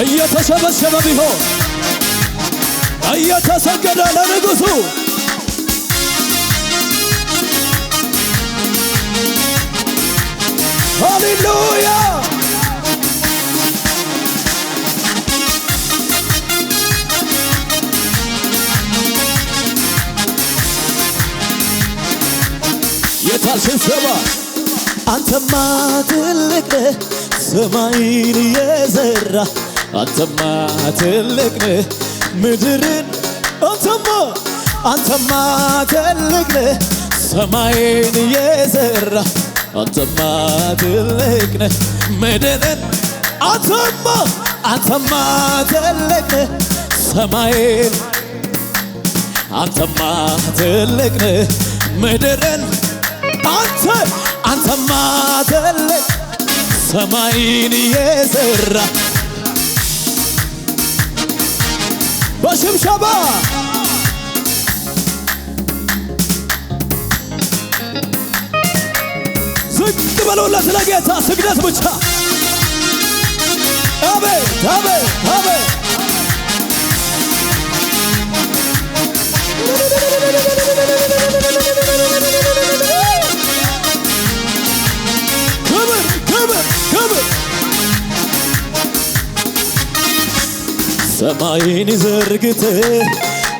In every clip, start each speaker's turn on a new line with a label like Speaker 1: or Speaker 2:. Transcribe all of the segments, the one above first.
Speaker 1: እየተሸበሸበ ቢሆን እየተሰገደ ለንጉሡ ሃሌሉያ የታል ስብሰባ? አንተማ ትልቅ ሰማይን የዘራ አንተማ ትልቅ ምድርን አንተማ አንተማ ትልቅ ሰማይን የዘራ አንተማ ትልቅ ምድርን አንተማ አንተማ ትልቅ ሰማይን አንተማ ትልቅ ምድርን አንተ አንተማ ትልቅ ሰማይን የዘራ በሽብሸባ ዝቅ በሉለት ለጌታ ስግደት ብቻ አቤት አቤት አቤት ሰማይን ዘርግት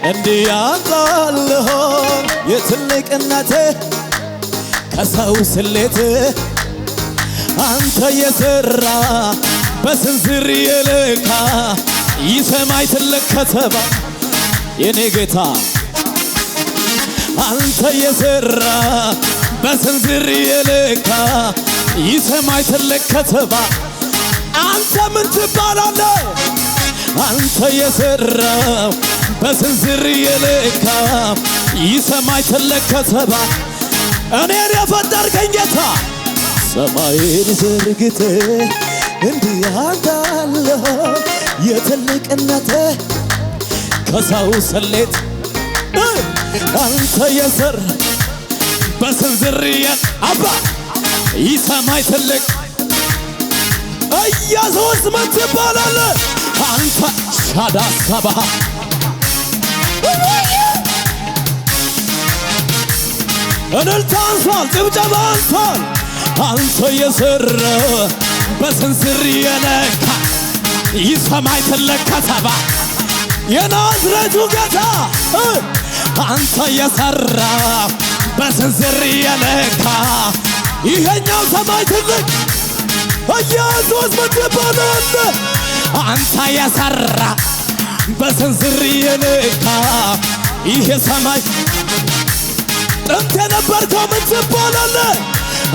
Speaker 1: እንዲህ ያጣልሆ የትልቅነት ከሰው ስሌት አንተ የሰራ በስንዝር የለካ ይሰማይ ትልቅ ከተማ የኔ ጌታ አንተ የሰራ በስንዝር የለካ ይሰማይ ትልቅ ከተማ አንተ ምን ትባላለህ? አንተ የሰራው በስንዝር የለካ ይሰማይ ትልቅ ሰባ እኔን የፈጠርከኝ ጌታ ሰማይን ዘርግት እንዲህ አንታለሁ የትልቅነተ ከሰው ስሌት አንተ የሰር በስንዝር አባ ይሰማይ ትልቅ ኢየሱስ ምን ትባላለህ? አንተ ሻዳ ሰባሃ እልልታ አንሷል፣ ጭብጨባ አንሷል። አንተ የሰረ በስንስር የነካ ይሰማይ ትለካ ሰባ የናዝሬቱ ጌታ አንተ የሰራ በስንስር የነካ ይሄኛው ሰማይ ትልቅ ኢየሱስ ምድባለ አንተ ያሳራ በስንዝር የነካ ይህ ሰማይ ጥንት የነበርከው ምን ትባላለህ?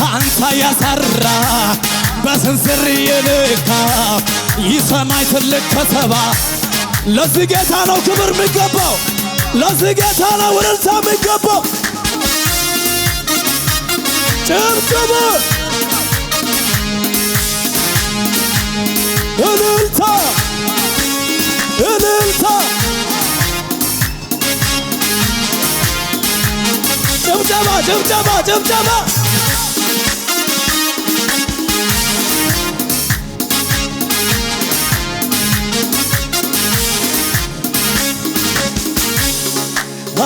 Speaker 1: አንተ ያሳራ በስንዝር የነካ ይህ ሰማይ ትልቅ ከተባ ለዚህ ጌታ ነው ክብር የሚገባው። ለዚህ ጌታ ነው ውርልታ የሚገባው። ጭብጭቡ Ilılta Ilılta Cımcama cımcama cımcama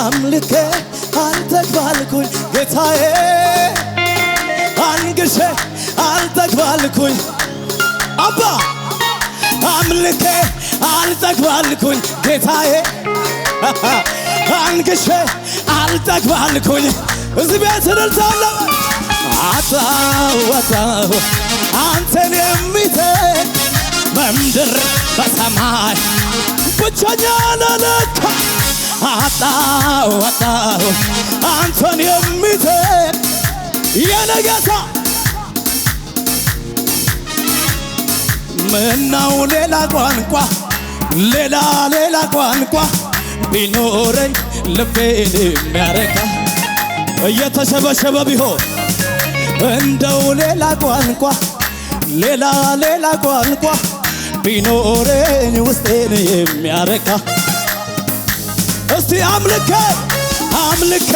Speaker 1: አምልኬ አልተግባልኩኝ ጌታዬ አንግሼ አልተግባልኩኝ አባ አምልኬ አልጠግባልኩኝ ጌታዬ አንግሼ አልጠግባልኩኝ እዚህ ቤት እልልታለ አጣወጣው አንተን የሚተን በምድር በሰማይ ብቸኛ ለለካ አጣወጣው አንተን የሚተን የነገታ ምናው ሌላ ቋንቋ ሌላ ሌላ ቋንቋ ቢኖረኝ ልቤን የሚያረካ እየተሸበሸበ ቢሆን እንደው ሌላ ቋንቋ ሌላ ሌላ ቋንቋ ቢኖረኝ ውስጤን የሚያረካ እስቲ አምልከ አምልከ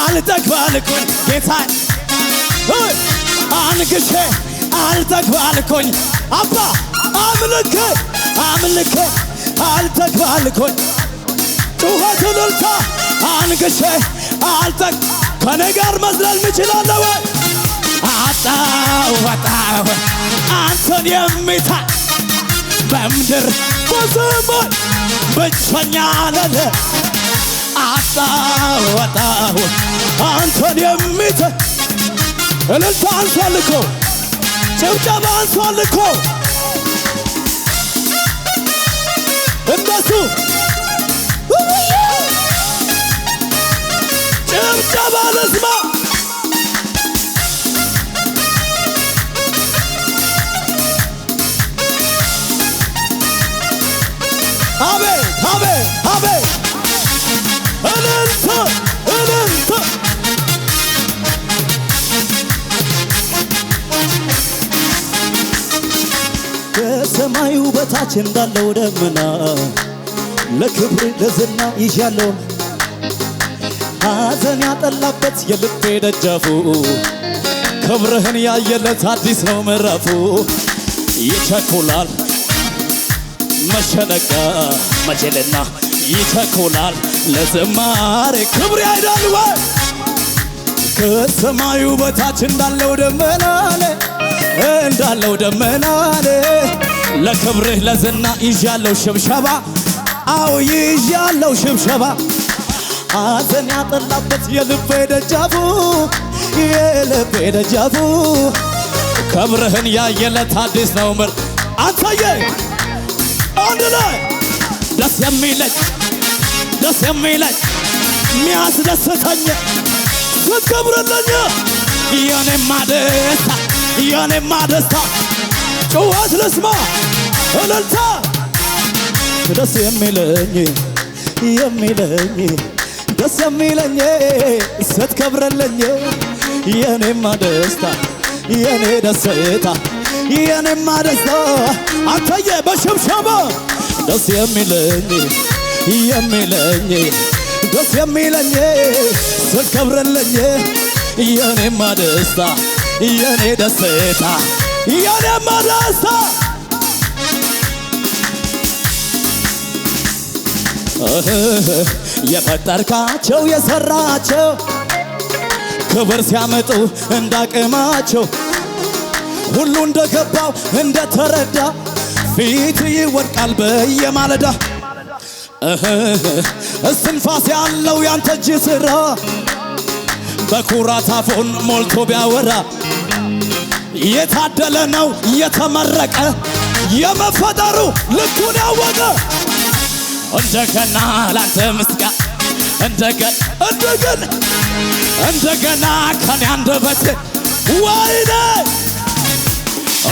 Speaker 1: አልጠግባልኩኝ ጌታ አንግሼ አልጠግባልኩኝ አባ አምልኬ አምልኬ አልተግባልኮኝ ጩኸት እልልታ አንግሼ አልጠ ከኔ ጋር መዝለል ምችላለ አጣው አጣው አንተን የሚታ በምድር በሰማይ ብቸኛ ለለ አጣው አጣው አንተን የሚታ እልልታ አንሳልኮ ጭብጨባ አንሷል እኮ እነሱ ጭብጨባ ልስማ አቤት አቤት አቤት በታች እንዳለው ደመና ለክብር ለዝና ይዣለው ሐዘን ያጠላበት የልቤ ደጃፉ ክብርህን ያየለት አዲስ ነው ምዕራፉ ይቸኩላል መሸነጋ መቼልና ይቸኩላል ለዝማሬ ክብር ያይዳል ወይ ከሰማዩ በታች እንዳለው ደመና እንዳለው ደመና ለክብርህ ለዝና ይዣለው ሽብሸባ አው ይዣለው ሽብሸባ ሐዘን ያጠላበት የልቤ ደጃፉ የልቤ ደጃፉ ክብርህን ያየለት አዲስ ነው ምር አንተዬ አንድ ላይ ደስ የሚለኝ ደስ የሚለኝ ሚያስደስተኝ ስትከብርልኝ የኔማ ደስታ የኔማ ደስታ ጩኸት ልስማ እልልታ ደስ የሚለኝ የሚለኝ ደስ የሚለኝ ስትከብረለኝ የኔማ ደስታ የኔ ደስታ የኔማ ደስታ አንተዬ በሽብሸባ ደስ የሚለኝ የሚለኝ ደስ የሚለኝ ስትከብረለኝ የኔማ ደስታ የኔ ደስታ የደማ ዳስታ eh, የፈጠርካቸው የሰራቸው ክብር ሲያመጡ እንዳቅማቸው ሁሉ እንደገባው እንደተረዳ ፊት ይወድቃል በየማለዳ እስትንፋስ ያለው ያንተ እጅ ስራ በኩራት አፎን ሞልቶ ቢያወራ የታደለ ነው የተመረቀ የመፈጠሩ ልኩን ያወቀ እንደገና ላንተ ምስጋ እንደገን እንደገን እንደገና ከኔ አንደበት ወይኔ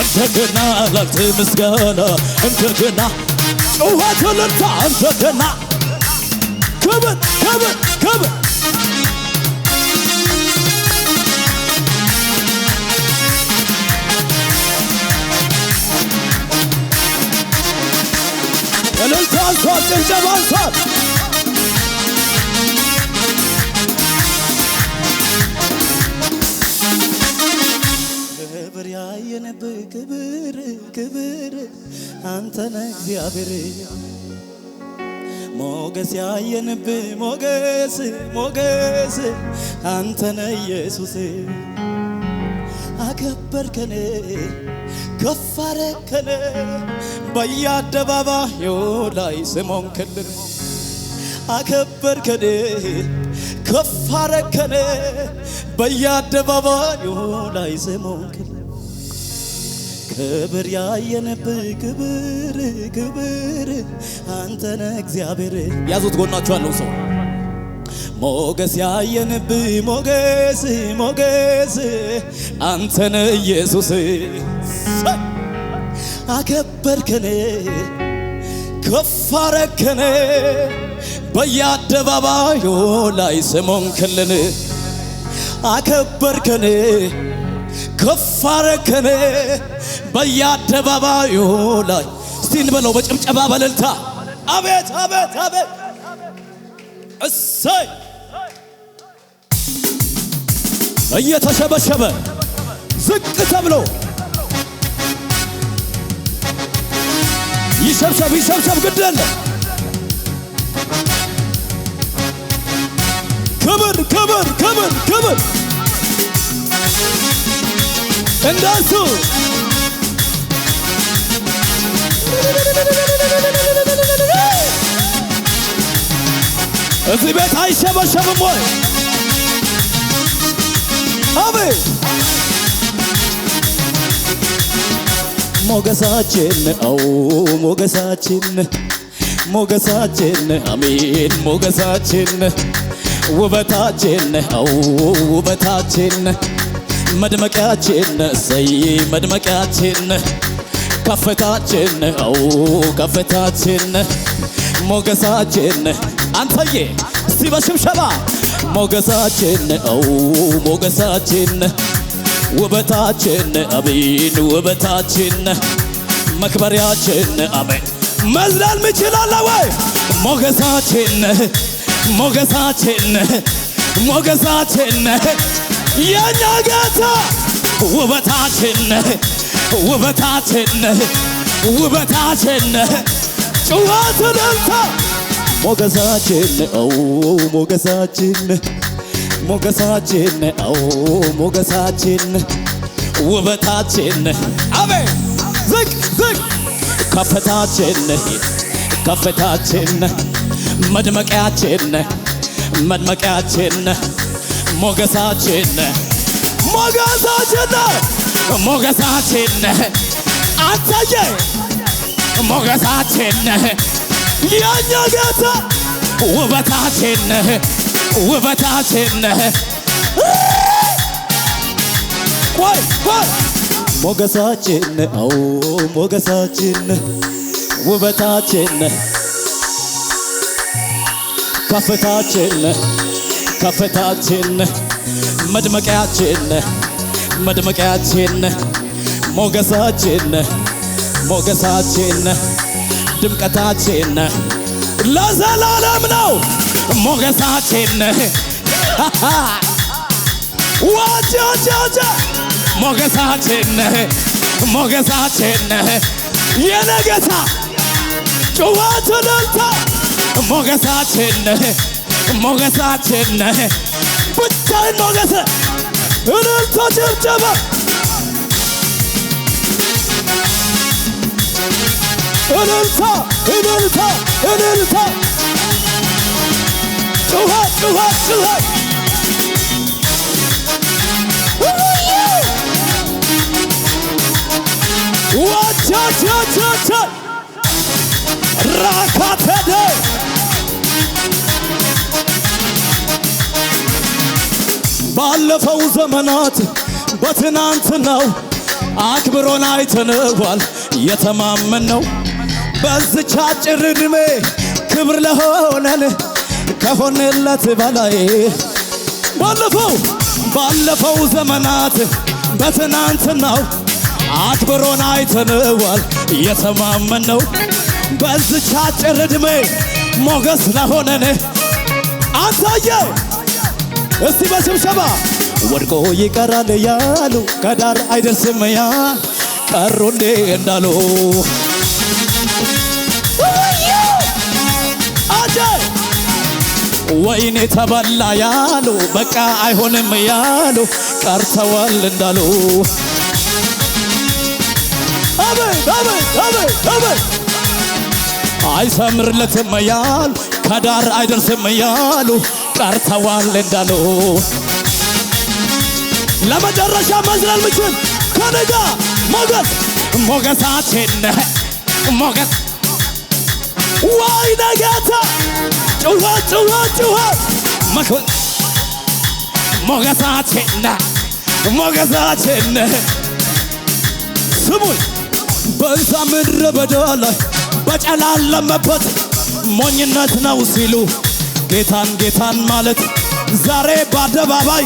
Speaker 1: እንደገና ላንተ ምስጋና እንደገና ጩኸት ልልታ እንደገና ክብር ክብር ክብር አንሷት፣ ጭብጨባ ክብር ያየንብህ ክብር ክብር አንተነ እግዚአብሔር ሞገስ ያየንብህ ሞገስ ሞገስ አንተነ ኢየሱስ አከበርከኔ ከፍ አረከን በየአደባባዩ ላይ ስሞን ክልል አከበርከን ከፍ አረከን በየአደባባዩ ላይ ስሞን ክልል ክብር ያየንብ ክብር ክብር አንተነ እግዚአብሔር ያዙት ጎናችኋለሁ ሰው ሞገስ ያየንብ ሞገስ ሞገስ አንተነ ኢየሱስ አከበርከኔ ከፋረከነ አረከኔ በየአደባባዩ ላይ ስሙን ክልን አከበርከኔ ከፍ አረከኔ በየአደባባዩ ላይ ስቲን በለው በጭብጨባ በልልታ አቤት አቤት አቤት እሰይ እየተሸበሸበ ዝቅ ተብሎ ይሰብሰብ ይሰብሰብ ግደለ ክብር ክብር ክብር ክብር እንደሱ እዚህ ቤት አይሸበሸብም ወይ አቤት ሞገሳችን አው ሞገሳችን ሞገሳችን አሜን ሞገሳችን ውበታችን አው ውበታችን መድመቂያችን እሰይ መድመቂያችን ከፍታችን አው ከፍታችን ሞገሳችን አንተዬ እስቲ በሽብሸባ ሞገሳችን አው ሞገሳችን ውበታችን አሜን፣ ውበታችን መክበሪያችን አሜን። መዝለል ምችላለ ወይ ሞገሳችን ሞገሳችን ሞገሳችን የኛ ጌታ ውበታችን ውበታችን ውበታችን ጭዋት ደልታ ሞገሳችን ሞገሳችን ሞገሳችን ነው ሞገሳችን ውበታችን አቤ ዝቅ ዝቅ ከፍታችን ከፍታችን መድመቂያችን መድመቂያችን ሞገሳችን ሞገሳችን ሞገሳችን አንተዬ ሞገሳችን የእኛ ጌታ ውበታችን ውበታችን ሞገሳችን አዎ ሞገሳችን ውበታችን ከፍታችን ከፍታችን መድመቂያችን መድመቂያችን ሞገሳችን ሞገሳችን ድምቀታችን ለዘላለም ነው። ሞገሳችን ዋጃጃጃ ሞገሳችን ሞገሳችን የነገታ ጩኸት እልልታ ሞገሳችን ሞገሳችን ብቻዬን ሞገስ እልልታ ጭብጨባ እልልታ እልልታ እልልታ ጩኸት ጩኸት ጩኸት ወቸቸቸቸ ራካተደ ባለፈው ዘመናት በትናንትናው አክብሮን አይተንዋል የተማመን ነው በዝቻ አጭር ዕድሜ ክብር ለሆነን ከሆነለት በላይ ባለፈው ባለፈው ዘመናት በትናንትናው አክብሮን እየተማመን ነው! በዚች አጭር ዕድሜ ሞገስ ለሆነን አንታየ እስቲ በስብሰባ ወድቆ ይቀራል ያሉ ከዳር አይደርስም ያ ቀሩ እንዴ እንዳሉ ወይኔ ተበላ ያሉ በቃ አይሆንም ያሉ ቀርተዋል እንዳሉ አይሰምርለትም ያሉ ከዳር አይደርስም ያሉ ቀርተዋል እንዳሉ ለመጨረሻ መዝለል ምችል ከነጋ ሞገስ ሞገሳችን ሞገስ ዋይ ጌታ ጩኸ ጩኸ ጩኸ መክበል ሞገሳችን ሞገሳችን ስሙኝ በዛ ምድረ በዳ ላይ በጨላለመበት ሞኝነት ነው ሲሉ ጌታን ጌታን ማለት ዛሬ በአደባባይ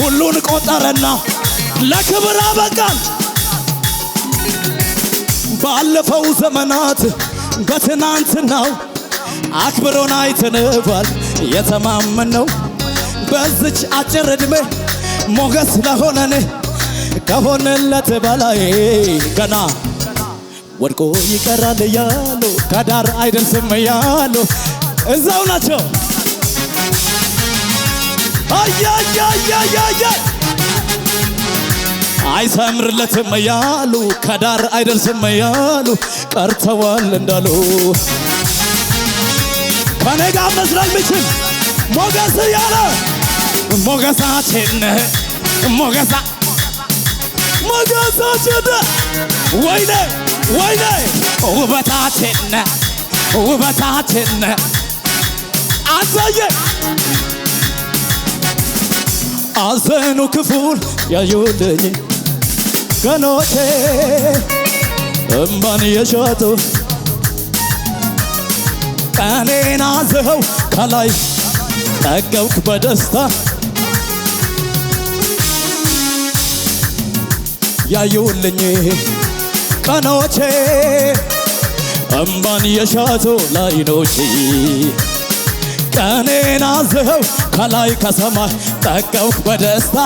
Speaker 1: ሁሉን ቆጠረና ለክብር አበቃን። ባለፈው ዘመናት በትናንትናው አክብሮን አይተንባል የተማመን ነው በዝች አጭር እድሜ ሞገስ ለሆነን ከሆነለት በላይ ገና ወድቆ ይቀራል እያሉ ከዳር አይደርስም እያሉ እዛው ናቸው አያያያያያ አይሰምርለትም እያሉ ከዳር አይደርስም እያሉ ቀርተዋል እንዳሉ ከኔ ጋር መስላል ምችል ሞገስ እያለ ሞገሳችን ሞገሳ ሞገሳችን ወይኔ ወይኔ ውበታችን ውበታችን አዘየ አዘኑ ክፉን ያዩልኝ ወገኖቼ እምባን የሸጡ ቀኔን አዝኸው ከላይ ጠገብክ በደስታ ያየውልኝ ቀኖቼ እምባን የሻቱ ላይኖቼ ቀኔን አዝኸው ከላይ ከሰማይ ጠገብክ በደስታ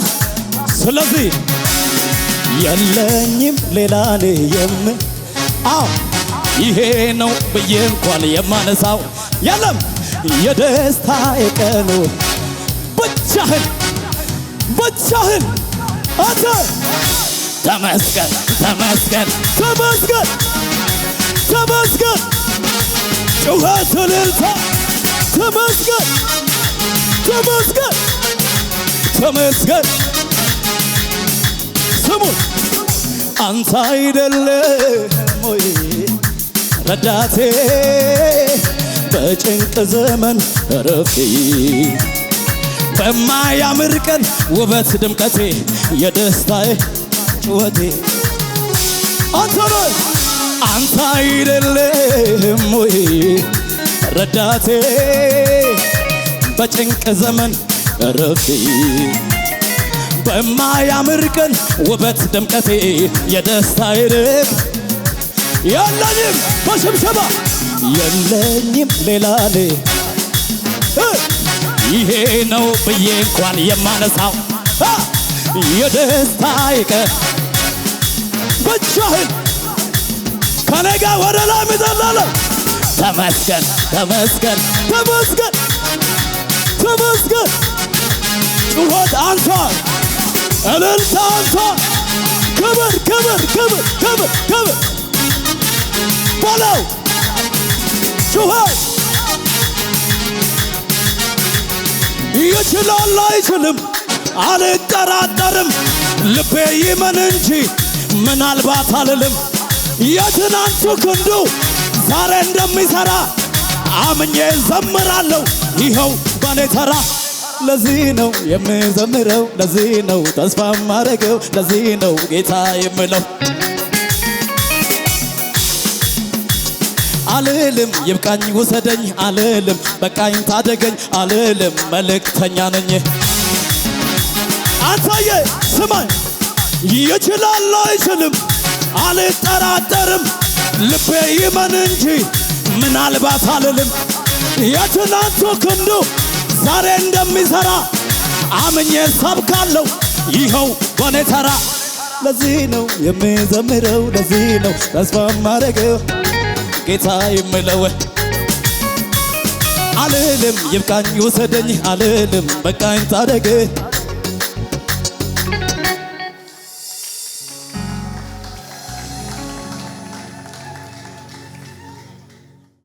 Speaker 1: ስለዚህ የለኝም ሌላ ልየም አው ይሄ ነው ብዬ እንኳን የማነሳው የለም የደስታ የቀኑ ብቻህን ብቻህን አንተ ተመስገን ተመስገን ተመስገን ተመስገን ጩኸት ትልልታ ተመስገን ተመስገን ተመስገን ስሙን አንተ አይደለም ወይ ረዳቴ በጭንቅ ዘመን ረፍቴ በማያምር ቀን ውበት ድምቀቴ የደስታዬ ጩኸቴ አንተ አንተ አይደለም ወይ ረዳቴ በጭንቅ ዘመን ረፍቴ በማያምር ቀን ውበት ድምቀቴ የደስታ ይርቅ የለኝም በሽብሸባ የለኝም ሌላሌ ይሄ ነው ብዬ እንኳን የማነሳው የደስታ ይቀ ብቻህን ከነጋ ወደ ላይ ምዘላለ ተመስገን ተመስገን ተመስገን ተመስገን ጩኸት አንሷል እልልታ አንተ ክብር ክብር ክብር ክብር ክብር በለው ጩኸት ይችላል አይችልም አልጠራጠርም ልቤ ይመን እንጂ ምናልባት አልልም የትናንቱ ክንዱ ዛሬ እንደሚሠራ አምኜ ዘምራለሁ ይኸው በኔ ተራ ለዚህ ነው የምዘምረው፣ ለዚህ ነው ተስፋ ማረገው፣ ለዚህ ነው ጌታ የምለው። አልልም ይብቃኝ ውሰደኝ አልልም በቃኝ ታደገኝ አልልም መልእክተኛ ነኝ። አንሳዬ ስማኝ ይችላል አይችልም አልጠራጠርም ልቤ ይመን እንጂ ምናልባት አልልም የትናንቱ ክንዱ ዛሬ እንደሚሠራ አምኜ ሰብካለሁ ይኸው በኔ ተራ። ለዚህ ነው የምዘምረው፣ ለዚህ ነው ተስፋ ማረገው ጌታ የምለው አልልም ይብቃኝ ውሰደኝ አልልም በቃኝ ታደገ